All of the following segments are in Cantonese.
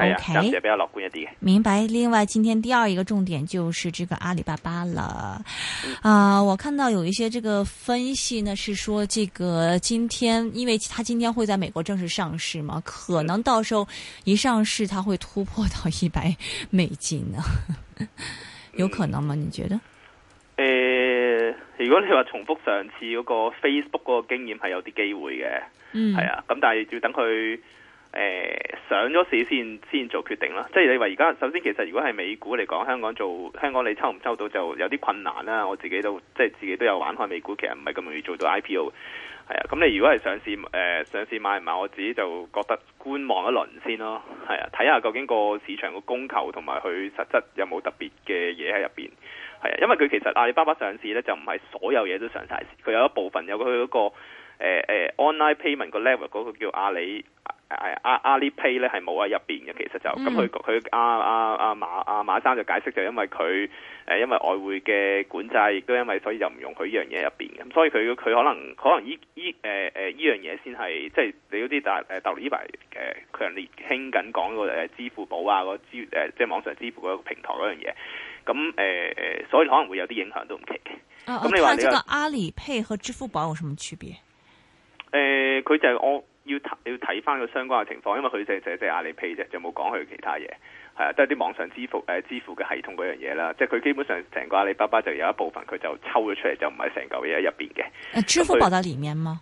O、okay, K，比較樂觀一啲。明白。另外，今天第二一個重點就是這個阿里巴巴了。啊、uh,，我看到有一些這個分析呢，是說這個今天，因為它今天會在美國正式上市嘛，可能到時候一上市，它會突破到一百美金呢、啊、 有可能嗎、嗯、你覺得？誒、呃，如果你話重複上次嗰個 Facebook 嗰個經驗，係有啲機會嘅。嗯。係啊，咁但係要等佢。誒、呃、上咗市先先做決定啦，即係你話而家首先其實如果係美股嚟講，香港做香港你抽唔抽到就有啲困難啦。我自己都即係自己都有玩開美股，其實唔係咁容易做到 IPO 係啊。咁你如果係上市、呃、上市買唔買，我自己就覺得觀望一輪先咯。係啊，睇下究竟個市場個供求同埋佢實質有冇特別嘅嘢喺入邊係啊。因為佢其實阿里巴巴上市咧就唔係所有嘢都上曬市，佢有一部分有佢嗰、嗰個誒、呃呃、online payment 個 level 嗰個叫阿里。誒、啊，阿阿 pay 咧係冇喺入邊嘅，其實就咁佢佢阿阿阿馬阿、啊、馬生就解釋就因為佢誒、呃，因為外匯嘅管制，亦都因為所以就唔用佢呢樣嘢入邊，咁所以佢佢可能可能依依誒誒依樣嘢先係即係你嗰啲大誒大陸依排誒強烈興緊講個誒支付寶啊個支誒、呃、即係網上支付個平台嗰樣嘢，咁、嗯、誒、呃、所以可能會有啲影響都唔奇嘅。咁你話呢？咁啊，啊嗯、這個阿里 Pay 和支付寶有什麼區別？誒、呃，佢就係我。要看要睇翻個相關嘅情況，因為佢就就只阿里 pay 啫，就冇講佢其他嘢係啊，都係啲網上支付誒、呃、支付嘅系統嗰樣嘢啦。即係佢基本上成個阿里巴巴就有一部分佢就抽咗出嚟，就唔係成嚿嘢喺入邊嘅。誒，支付寶喺裏面嘛？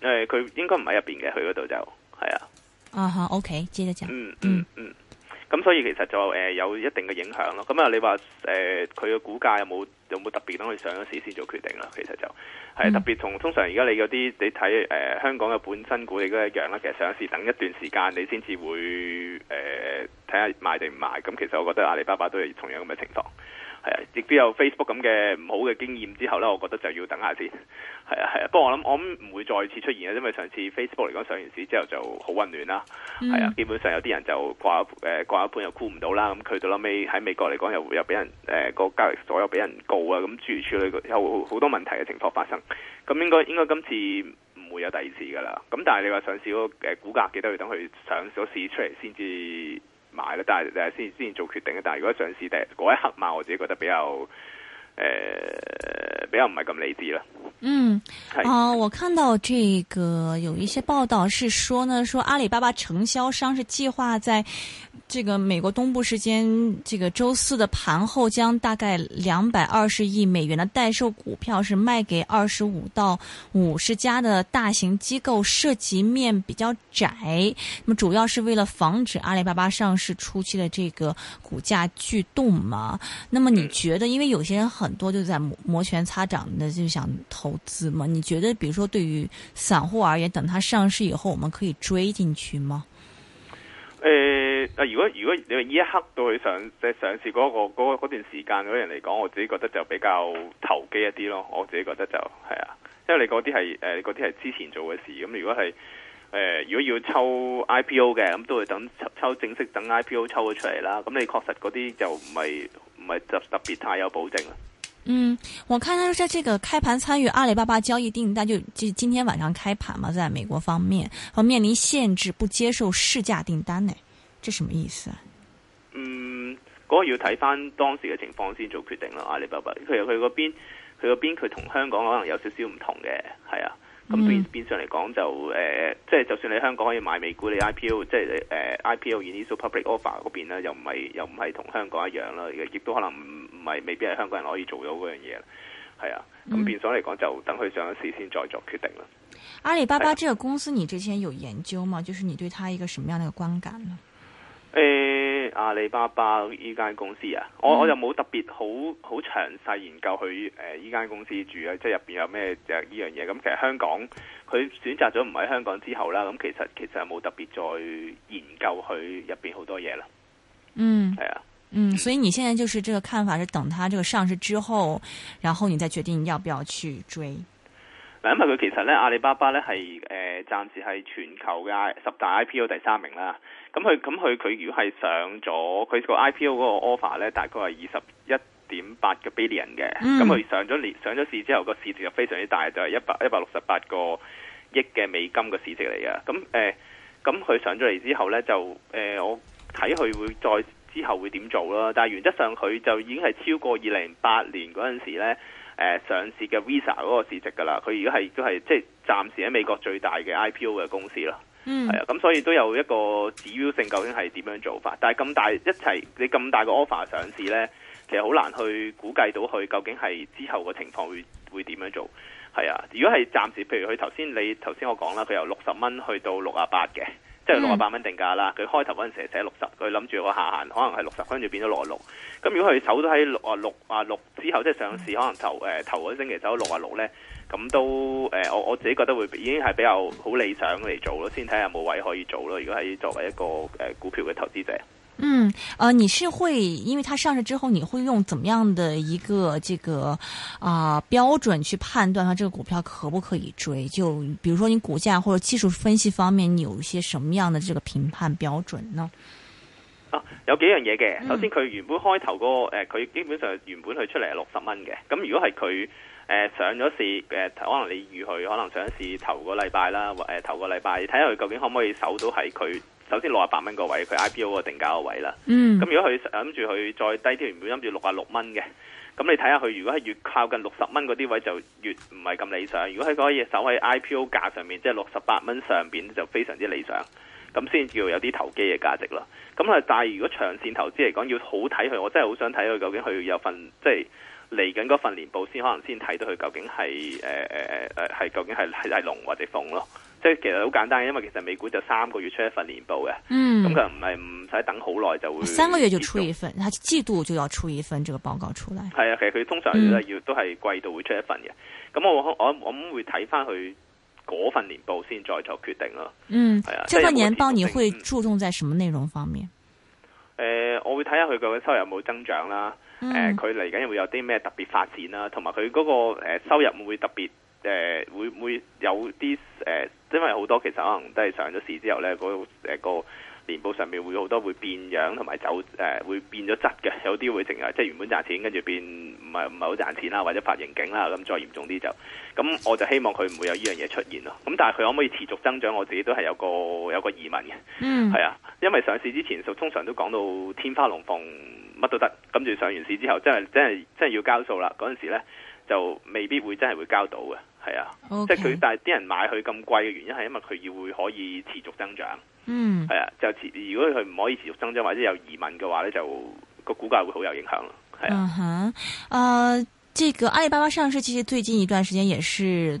誒，佢應該唔喺入邊嘅，佢嗰度就係啊。啊哈、啊啊，OK，知得嗯嗯嗯。咁、嗯嗯、所以其實就誒、呃、有一定嘅影響咯。咁啊，你話誒佢嘅股價有冇？有冇特別等佢上咗市先做決定啦。其實就係特別同，通常而家你嗰啲，你睇誒、呃、香港嘅本身股，你都一樣啦。其實上市等一段時間你，你先至會誒睇下賣定唔賣。咁其實我覺得阿里巴巴都係同樣咁嘅情況，係啊，亦都有 Facebook 咁嘅唔好嘅經驗之後呢，我覺得就要等下先，係啊，係啊。不過我諗我諗唔會再次出現啊，因為上次 Facebook 嚟講上完市之後就好温暖啦，係啊，嗯、基本上有啲人就掛誒掛一半又沽唔到啦。咁佢到拉尾喺美國嚟講又又俾人誒個交易所又俾人告。冇啊！咁處處理，處理有好多問題嘅情況發生，咁應該應該今次唔會有第二次㗎喇。咁但係你話上市嗰個誒股價，記得要等佢上咗市，市出嚟先至買咧。但係但係先先做決定啊！但係如果上市第嗰一,一刻買，我自己覺得比較。呃，比較唔係咁理智啦。嗯，啊、呃，我看到這個有一些報道是說呢，說阿里巴巴承銷商是計劃在這個美國東部時間這個周四的盤後將大概兩百二十億美元的代售股票是賣給二十五到五十家的大型機構，涉及面比較窄。那麼主要是為了防止阿里巴巴上市初期的這個股價巨動嘛？那麼你覺得，因為有些人很多就在摩拳擦掌的就想投資嘛？你覺得，比如說對於散戶而言，等它上市以後，我們可以追進去嗎？誒、呃，如果如果你話呢一刻到去上即係上市嗰、那個、那個那個、那段時間嗰人嚟講，我自己覺得就比較投機一啲咯。我自己覺得就係啊，因為你嗰啲係誒嗰啲係之前做嘅事。咁、嗯、如果係誒、呃、如果要抽 IPO 嘅，咁都會等抽正式等 IPO 抽咗出嚟啦。咁你確實嗰啲就唔係唔係特特別太有保證啦。嗯，我看佢在這個開盤參與阿里巴巴交易訂單就，就就今天晚上開盤嘛，在美國方面和面臨限制，不接受市價訂單呢，這什麼意思啊？嗯，嗰、嗰個要睇翻當時嘅情況先做決定啦。阿里巴巴，其實佢嗰邊佢嗰邊佢同香港可能有少少唔同嘅，係啊。咁、嗯、變變相嚟講就即係、呃、就算你香港可以買美股，你 IPO 即係誒、呃、IPO Initial Public Offer 嗰邊咧，又唔係又唔係同香港一樣啦，亦都可能唔係未必係香港人可以做到嗰樣嘢，係啊，咁變相嚟講就等佢上咗市先再作決定啦、嗯啊。阿里巴巴這個公司，你之前有研究嗎？就是你對它一個什麼樣的觀感呢？誒、欸，阿里巴巴呢間公司啊，嗯、我我又冇特別好好詳細研究佢誒呢間公司住啊，即係入邊有咩就呢樣嘢。咁其實香港佢選擇咗唔喺香港之後啦，咁其實其實係冇特別再研究佢入邊好多嘢啦。嗯，係啊，嗯，所以你現在就是這個看法，是等他這個上市之後，然後你再決定要不要去追。因為佢其實咧，阿里巴巴咧係誒暫時係全球嘅十大 IPO 第三名啦。咁佢咁佢佢如果係上咗佢個 IPO 嗰個 offer 咧，大概係二十一點八嘅 billion 嘅。咁、嗯、佢上咗年上咗市之後，個市值就非常之大，就係一百一百六十八個億嘅美金嘅市值嚟嘅。咁咁佢上咗嚟之後咧，就、呃、我睇佢會再之後會點做啦。但係原則上佢就已經係超過二零八年嗰陣時咧、呃、上市嘅 Visa 嗰個市值㗎喇。佢而家係都係即係暫時喺美國最大嘅 IPO 嘅公司咯。嗯，係 啊，咁所以都有一個指標性，究竟係點樣做法？但係咁大一齊，你咁大個 offer 上市呢，其實好難去估計到佢究竟係之後個情況會會點樣做。係啊，如果係暫時，譬如佢頭先你頭先我講啦，佢由六十蚊去到六十八嘅。嗯、即係六啊八蚊定價啦，佢開頭嗰陣時寫六十，佢諗住個下限可能係六十，跟住變咗六啊六。咁如果佢守到喺六啊六啊六之後，即係上市可能頭誒頭嗰星期走六啊六咧，咁都誒、呃，我我自己覺得會已經係比較好理想嚟做咯，先睇下有冇位可以做咯。如果係作為一個誒、呃、股票嘅投資者。嗯，呃，你是會，因為它上市之後，你會用怎麼樣的一個這個啊、呃、標準去判斷它這個股票可不可以追？就比如說你股價或者技術分析方面，你有一些什麼樣的這個評判標準呢？啊，有幾樣嘢嘅。首先，佢原本開頭個誒，佢、嗯呃、基本上原本佢出嚟係六十蚊嘅。咁如果係佢。誒、呃、上咗市誒，可能你預佢可能上咗市頭個禮拜啦，誒、呃、頭個禮拜，你睇下佢究竟可唔可以守到喺佢首先六十八蚊個位，佢 IPO 個定價個位啦。嗯。咁如果佢諗住佢再低啲，原本諗住六十六蚊嘅，咁你睇下佢如果係越靠近六十蚊嗰啲位就越唔係咁理想。如果喺嗰嘢守喺 IPO 價上面，即係六十八蚊上面，就非常之理想。咁先至要有啲投機嘅價值啦咁啊，但係如果長線投資嚟講，要好睇佢，我真係好想睇佢究竟佢有份即係。嚟緊嗰份年報先，可能先睇到佢究竟係誒誒誒誒係究竟係係係龍或者鳳咯。即係其實好簡單，因為其實美股就三個月出一份年報嘅，咁佢唔係唔使等好耐就會。三個月就出一份，佢季度就要出一份，這個報告出嚟，係啊，其實佢通常咧要、嗯、都係季度會出一份嘅。咁我我我，我會睇翻佢嗰份年報先，再作決定咯。嗯，係啊。這份年報，你會注重在什麼內容方面？誒、嗯呃，我會睇下佢究竟收入有冇增長啦。誒佢嚟緊會有啲咩特別發展啦、啊，同埋佢嗰個、呃、收入會唔會特別誒、呃、會會有啲誒、呃，因為好多其實可能都係上咗市之後咧嗰誒個，呃那個年報上面會好多會變樣同埋走誒、呃，會變咗質嘅，有啲會成日即係原本賺錢，跟住變唔係唔係好賺錢啦，或者發盈警啦，咁、嗯、再嚴重啲就咁，我就希望佢唔會有呢樣嘢出現咯。咁、嗯、但係佢可唔可以持續增長，我自己都係有個有個疑問嘅。嗯，係啊，因為上市之前就通常都講到天花龍鳳乜都得，跟住上完市之後真係真係真係要交數啦。嗰陣時呢就未必會真係會交到嘅，係啊，okay. 即係佢但係啲人買佢咁貴嘅原因係因為佢要會可以持續增長。嗯，係 啊，就如果佢唔可以持續增長或者有移民嘅話咧，就個股價會好有影響咯，係啊。嗯哼，誒，呢個阿里巴巴上市，其實最近一段時間也是。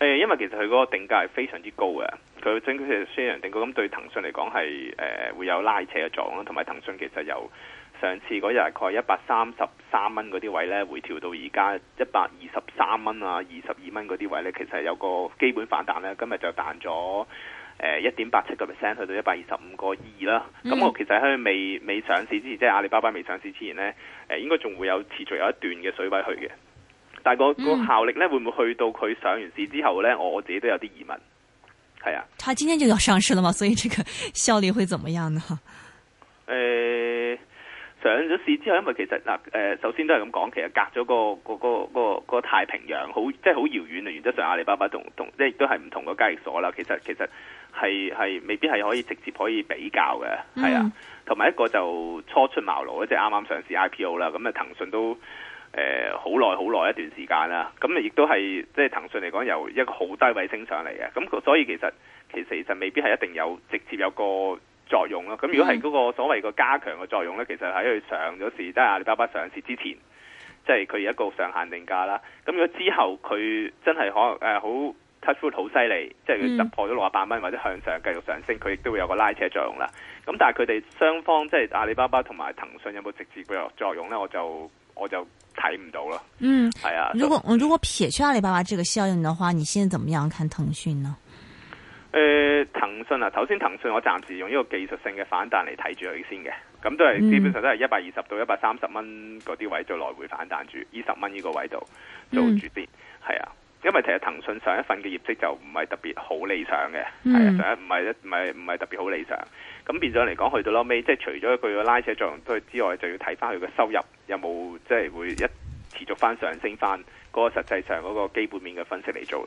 誒，因為其實佢嗰個定價係非常之高嘅，佢整體雖然定價咁對騰訊嚟講係誒會有拉扯嘅作用，同埋騰訊其實由上次嗰日大概一百三十三蚊嗰啲位咧，回調到而家一百二十三蚊啊，二十二蚊嗰啲位咧，其實有個基本反彈咧，今日就彈咗誒一點八七個 percent 去到一百二十五個二啦。咁我其實喺未未上市之前，即係阿里巴巴未上市之前咧，誒、呃、應該仲會有持續有一段嘅水位去嘅。但係個、嗯、效力咧，會唔會去到佢上完市之後咧？我自己都有啲疑問，係啊。佢今天就要上市啦嘛，所以這個效力會怎麼樣啊？誒、呃，上咗市之後，因為其實嗱，誒、呃，首先都係咁講，其實隔咗個個個個個太平洋，好即係好遙遠啊。原則上，阿里巴巴同即同即係都係唔同個交易所啦。其實其實係係未必係可以直接可以比較嘅，係、嗯、啊。同埋一個就初出茅廬，即係啱啱上市 IPO 啦。咁啊，騰訊都。誒好耐好耐一段時間啦，咁亦都係即係騰訊嚟講由一個好低位升上嚟嘅，咁所以其實其實其實未必係一定有直接有個作用咯。咁如果係嗰個所謂個加強嘅作用咧，其實喺佢上咗市，即係阿里巴巴上市之前，即係佢一個上限定價啦。咁如果之後佢真係可能好 touch wood 好犀利，即係佢突破咗六十八蚊或者向上繼續上升，佢亦都會有個拉扯作用啦。咁但係佢哋雙方即係阿里巴巴同埋騰訊有冇直接嘅作用咧？我就我就睇唔到咯。嗯，係啊。如果如果撇去阿里巴巴這個效應的話，你現在怎麼樣看騰訊呢？誒、呃，騰訊啊，頭先騰訊我暫時用呢個技術性嘅反彈嚟睇住佢先嘅，咁都係、嗯、基本上都係一百二十到一百三十蚊嗰啲位做來回反彈住，二十蚊呢個位度做住跌，係、嗯、啊。因為其實騰訊上一份嘅業績就唔係特別好理想嘅，係、嗯、啊，唔係一唔係唔係特別好理想。咁變咗嚟講，去到落尾，即係除咗佢嘅拉扯作用都之外，就要睇翻佢嘅收入有冇即係會一持續翻上升翻嗰個實際上嗰個基本面嘅分析嚟做。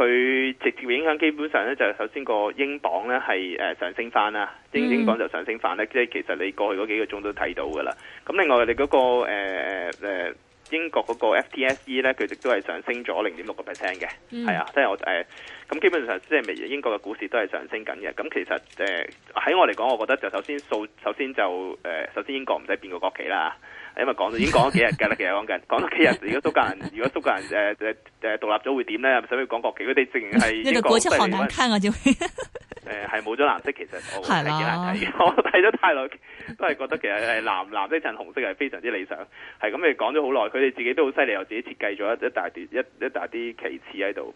佢直接影響基本上咧，就首先個英鎊咧係誒上升翻啦，英鎊就上升翻咧，mm. 即係其實你過去嗰幾個鐘都睇到噶啦。咁另外你，那，嗰個誒誒英國嗰個 FTSE 咧，佢亦都係上升咗零點六個 percent 嘅，係啊，即係我誒，咁基本上即係未英國嘅股市都係上升緊嘅。咁其實誒喺我嚟講，我覺得就首先數首先就誒首先英國唔使變個國旗啦。因為講咗已經講咗幾日噶啦，其實講緊，講咗幾日。如果蘇格蘭，如果蘇格蘭誒誒誒獨立咗會點咧？使唔使講國旗？佢哋淨係英國嘅國旗。那個國旗好難看啊，就係。誒、嗯，係冇咗藍色，其實我係啦。我睇咗太耐，都係覺得其實係藍藍色襯紅色係非常之理想。係咁，你講咗好耐，佢哋自己都好犀利，又自己設計咗一一大段一一大啲旗幟喺度，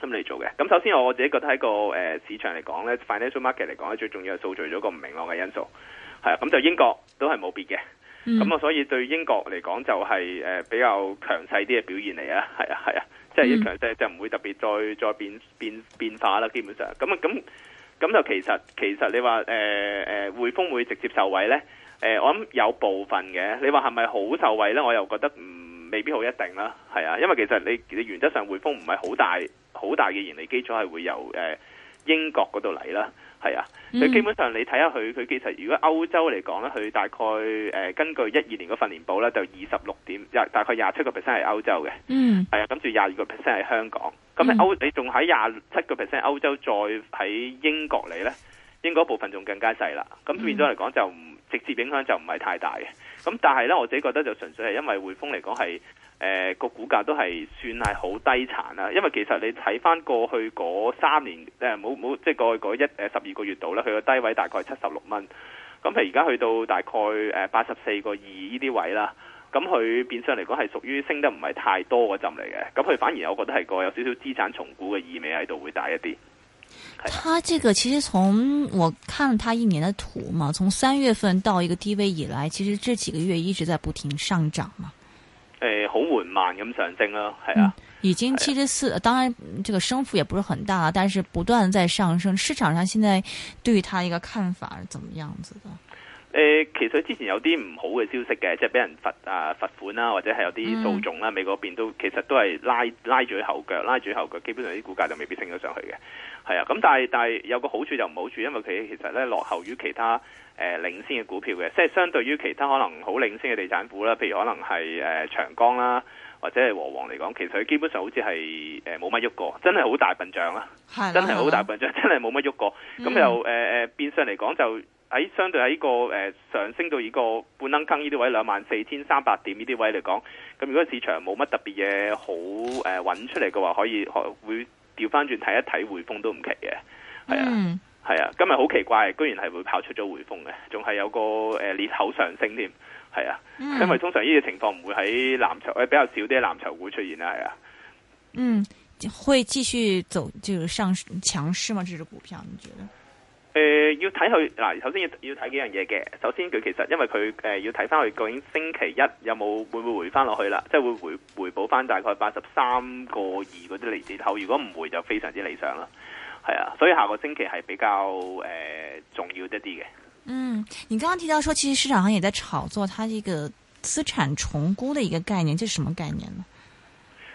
咁嚟做嘅。咁首先我自己覺得喺個誒市場嚟講咧，financial market 嚟講咧，最重要係掃除咗一個唔明朗嘅因素。係咁，就英國都係冇變嘅。咁、嗯、啊，所以對英國嚟講就係誒比較強勢啲嘅表現嚟啊，係啊係啊，即係一強勢就唔會特別再再變變變化啦，基本上咁啊咁咁就其實其實你話誒誒匯豐會直接受惠咧？誒、呃、我諗有部分嘅，你話係咪好受惠咧？我又覺得唔、嗯、未必好一定啦，係啊，因為其實你你原則上匯豐唔係好大好大嘅盈利基礎係會由誒、呃、英國嗰度嚟啦。係啊，所以基本上你睇下佢，佢其實如果歐洲嚟講咧，佢大概誒、呃、根據一二年嗰份年報咧，就二十六點廿大概廿七個 percent 係歐洲嘅，係、嗯、啊，跟住廿二個 percent 係香港，咁你歐你仲喺廿七個 percent 歐洲，再喺英國嚟咧，英國部分仲更加細啦，咁變咗嚟講就唔直接影響就唔係太大嘅，咁但係咧我自己覺得就純粹係因為匯豐嚟講係。誒、呃，個股價都係算係好低殘啦，啊，因為其實你睇翻過去嗰三年誒，冇、呃、冇即係過去嗰一誒十二個月度啦，佢個低位大概七十六蚊，咁佢而家去到大概誒八十四個二呢啲位啦，咁、嗯、佢變相嚟講係屬於升得唔係太多嗰陣嚟嘅，咁、嗯、佢反而我覺得係個有少少資產重估嘅意味喺度會大一啲。他這個其實從我看了他一年的圖嘛，從三月份到一個低位以來，其實這幾個月一直在不停上漲嘛。係好緩慢咁上升咯，係啊，已經七十四，當然這個升幅也不是很大，但是不斷在上升。市場上現在對它一個看法是怎麼樣子的？誒，其實之前有啲唔好嘅消息嘅，即係俾人罰啊罰款啦，或者係有啲訴訟啦，美國邊都其實都係拉拉住佢後腳，拉住佢後腳，基本上啲股價就未必升咗上去嘅。係啊，咁但係但係有個好處就唔好處，因為佢其實咧落後於其他誒、呃、領先嘅股票嘅，即係相對於其他可能好領先嘅地產股啦，譬如可能係誒、呃、長江啦，或者係和黃嚟講，其實佢基本上好似係冇乜喐過，真係好大笨象啦，真係好大笨象，真係冇乜喐過。咁就、呃、變相嚟講就。喺相對喺呢個誒、呃、上升到呢個半坑坑呢啲位兩萬四千三百點呢啲位嚟講，咁如果市場冇乜特別嘢好誒搵、呃、出嚟嘅話，可以可會調翻轉睇一睇匯豐都唔奇嘅。係啊係、嗯、啊，今日好奇怪，居然係會跑出咗匯豐嘅，仲係有個誒裂、呃、口上升添，係啊、嗯，因為通常呢啲情況唔會喺藍籌誒比較少啲藍籌股出現啦，係啊，嗯，會繼續走就上，上強勢嗎？這隻股票你覺得？誒、嗯，要睇佢嗱，首先要要睇幾樣嘢嘅。首先佢其實因為佢誒要睇翻佢究竟星期一有冇會唔會回翻落去啦，即係會回回補翻大概八十三個二嗰啲嚟之後，如果唔回就非常之理想啦。係啊，所以下個星期係比較誒重要一啲嘅。嗯，你剛剛提到說，其實市場上也在炒作它呢個資產重估的一個概念，即係什麼概念呢？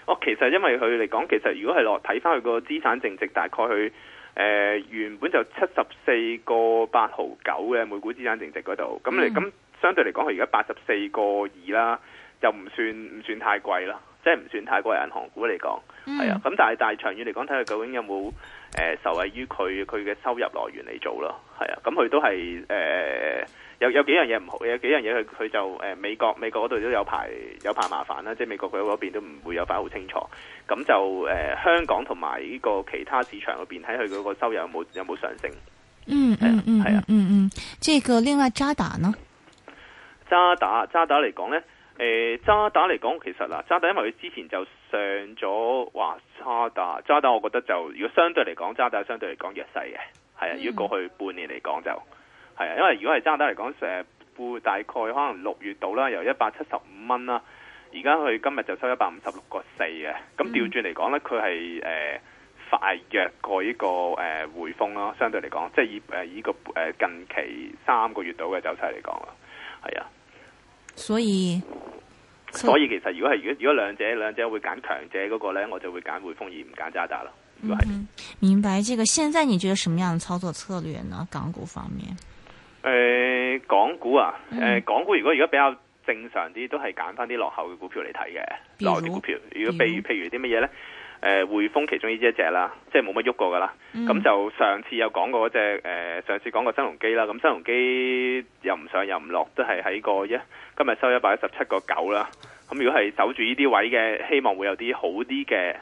哦、嗯，剛剛其實因為佢嚟講，其實如果係落睇翻佢個資產淨值，大概去。誒、呃、原本就七十四個八毫九嘅每股資產淨值嗰度，咁你咁相對嚟講，佢而家八十四個二啦，又唔算唔算太貴啦，即係唔算太貴銀行股嚟講，係、嗯、啊。咁但係但係長遠嚟講，睇佢究竟有冇誒、呃、受惠於佢佢嘅收入來源嚟做咯，係啊。咁佢都係誒。呃有有幾樣嘢唔好，有幾樣嘢佢佢就誒、呃、美國美國嗰度都有排有排麻煩啦，即係美國佢嗰邊都唔會有排好清楚。咁就誒、呃、香港同埋呢個其他市場嗰邊，睇佢嗰個收入有冇有冇上升？嗯嗯、啊、嗯，係啊嗯嗯，呢、嗯、係、呢個另外渣打呢？渣打渣打嚟講呢？誒、呃、渣打嚟講其實嗱，渣打因為佢之前就上咗華沙打渣打，渣打我覺得就如果相對嚟講，渣打相對嚟講弱勢嘅，係啊，如果過去半年嚟講就。嗯嗯係啊，因為如果係渣打嚟講，誒，大概可能六月度啦，由一百七十五蚊啦，而家佢今日就收一百五十六個四嘅，咁調轉嚟講咧，佢係誒快弱過呢、這個誒匯豐啦，相對嚟講，即係以誒呢、呃、個誒、呃、近期三個月度嘅走勢嚟講啊，係啊。所以、嗯、所以其實如果係如果如果兩者兩者會揀強者嗰個咧，我就會揀匯豐而唔揀渣打咯，係、嗯、咪？明白，這個現在你覺得什麼樣的操作策略呢？港股方面？誒、呃，港股啊，誒、呃，港股如果而家比較正常啲，都係揀翻啲落後嘅股票嚟睇嘅落後啲股票。如果譬如譬如啲乜嘢咧？誒、呃，匯豐其中呢隻隻啦，即係冇乜喐過噶啦。咁、嗯、就上次有講過嗰隻誒，上次講過新鴻基啦。咁新鴻基又唔上又唔落，都係喺個一今日收一百一十七個九啦。咁如果係守住呢啲位嘅，希望會有啲好啲嘅。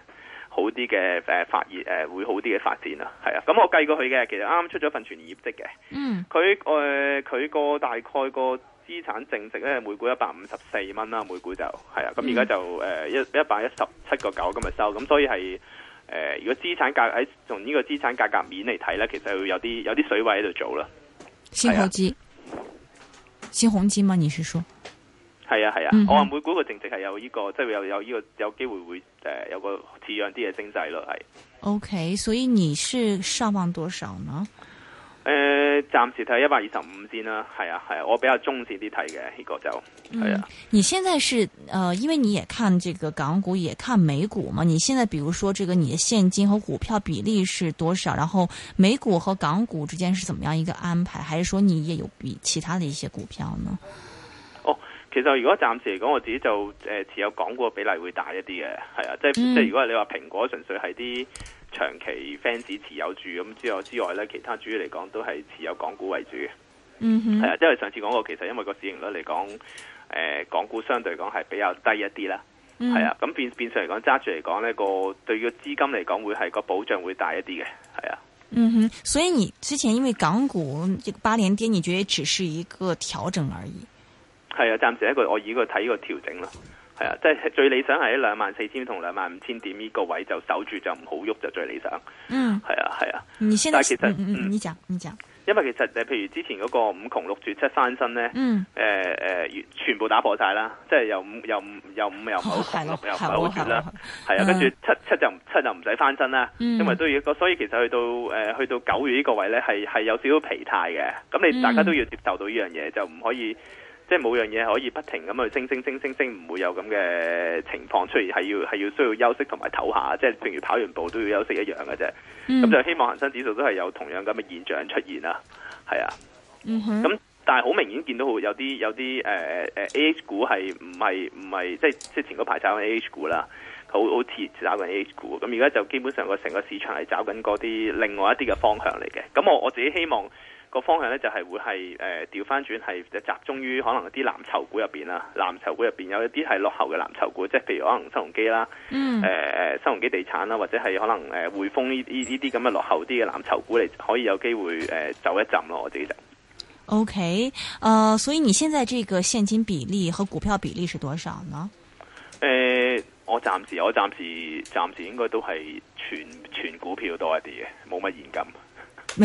好啲嘅，誒發展誒會好啲嘅發展啦，係啊，咁我計過去嘅，其實啱啱出咗份全年業績嘅，嗯，佢誒佢個大概個資產淨值咧，每股一百五十四蚊啦，每股就係啊，咁而家就誒一一百一十七個九今日收，咁所以係誒、呃、如果資產價喺從呢個資產價格面嚟睇咧，其實會有啲有啲水位喺度做啦。新鴻基，新鴻基嗎？你是說？係啊係啊，是啊嗯、我話每股個淨值係有依、這個，即、就、係、是、有、這個、有依個有機會會誒、呃、有個似樣啲嘅升勢咯，係。O、okay, K，所以你是上望多少呢？誒、呃，暫時睇一百二十五先啦。係啊係啊，啊，我比較中線啲睇嘅呢個就係啊、嗯。你現在是誒、呃，因為你也看這個港股，也看美股嘛。你現在，比如說這個你的現金和股票比例是多少？然後美股和港股之間是怎麼樣一個安排？還是說你也有比其他的一些股票呢？其實如果暫時嚟講，我自己就誒、呃、持有港股嘅比例會大一啲嘅，係啊，即係、mm -hmm. 即係如果你話蘋果純粹係啲長期 fans 持有住咁之外之外咧，其他主要嚟講都係持有港股為主嘅。嗯哼，係啊，因為上次講過，其實因為個市盈率嚟講，誒、呃、港股相對嚟講係比較低一啲啦。係、mm -hmm. 啊，咁變變相嚟講揸住嚟講呢個對於個資金嚟講會係個保障會大一啲嘅，係啊。嗯哼，所以你之前因為港股這個八連跌，你覺得只是一個調整而已。係啊，暫時一個我以個睇個調整啦。係啊，即係最理想係喺兩萬四千同兩萬五千點呢個位就守住就唔好喐，就最理想。嗯，係啊係啊。但係其實，你、嗯嗯、因為其實誒，譬如之前嗰個五窮六絕七翻身咧，誒、嗯、誒、呃，全部打破晒啦，即係又五又五又五又唔好窮，六又唔好絕啦，係啊，跟住七七就七就唔使翻身啦、嗯，因為都要所以其實去到誒、呃、去到九月呢個位咧，係係有少少疲態嘅。咁你大家都要接受到呢樣嘢，就唔可以。即係冇樣嘢可以不停咁去升，升升升升升，唔會有咁嘅情況出現，係要係要需要休息同埋唞下，即係正如跑完步都要休息一樣嘅啫。咁、嗯、就希望恒生指數都係有同樣咁嘅現象出現啦。係啊，咁、嗯、但係好明顯見到有啲有啲誒誒 a 股係唔係唔係，即係即係前嗰排炒緊 a 股啦，好好似炒緊 a 股。咁而家就基本上個成個市場係找緊嗰啲另外一啲嘅方向嚟嘅。咁我我自己希望。個方向咧，就係會係誒調翻轉，係集中於可能啲藍籌股入邊啦，藍籌股入邊有一啲係落後嘅藍籌股，即係譬如可能新鴻基啦，誒誒新鴻基地產啦，或者係可能誒、呃、匯豐呢呢啲咁嘅落後啲嘅藍籌股嚟，可以有機會誒、呃、走一浸咯，我自己就。O K.，誒，所以你現在這個現金比例和股票比例是多少呢？誒、呃，我暫時我暫時暫時應該都係全全股票多一啲嘅，冇乜現金。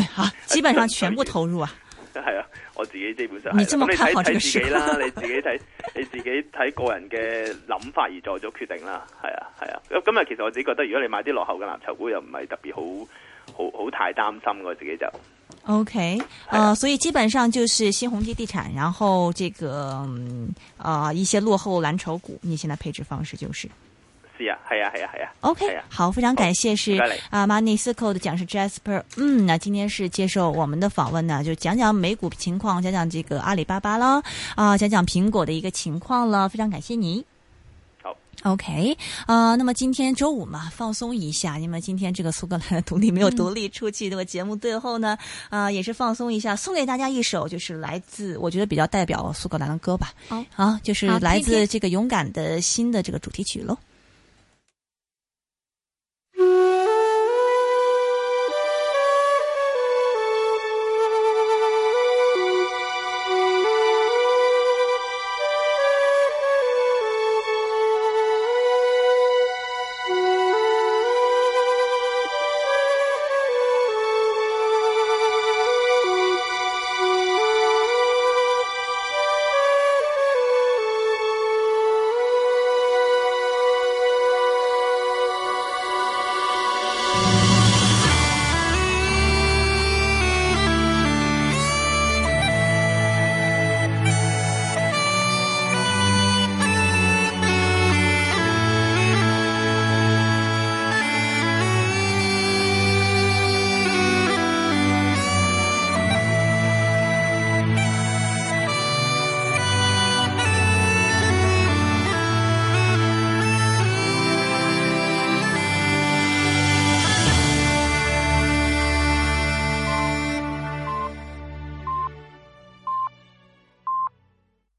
吓、啊？基本上全部投入啊！係 啊，我自己基本上你睇睇、嗯、自己啦， 你自己睇，你自己睇個人嘅諗法而做咗決定啦。係啊，係啊。咁今日其實我自己覺得，如果你買啲落後嘅藍籌股，又唔係特別好好好，好太擔心我自己就 OK、啊。呃，所以基本上就是新鴻基地產，然後這個啊、呃、一些落後藍籌股，你現在配置方式就是。呀，係呀，係呀，係呀。OK，好，非常感謝是，是啊，Money Circle 的講師 Jasper，嗯，那今天是接受我們的訪問呢，就講講美股情況，講講這個阿里巴巴啦，啊，講講蘋果的一個情況了。非常感謝你。好，OK，啊，那麼今天周五嘛，放鬆一下。因為今天這個蘇格蘭獨立沒有獨立出去，那、嗯、麼、這個、節目最後呢，啊，也是放鬆一下，送給大家一首，就是來自我覺得比較代表蘇格蘭的歌吧。好、oh，啊，就是來自這個勇敢的心的這個主題曲嘍。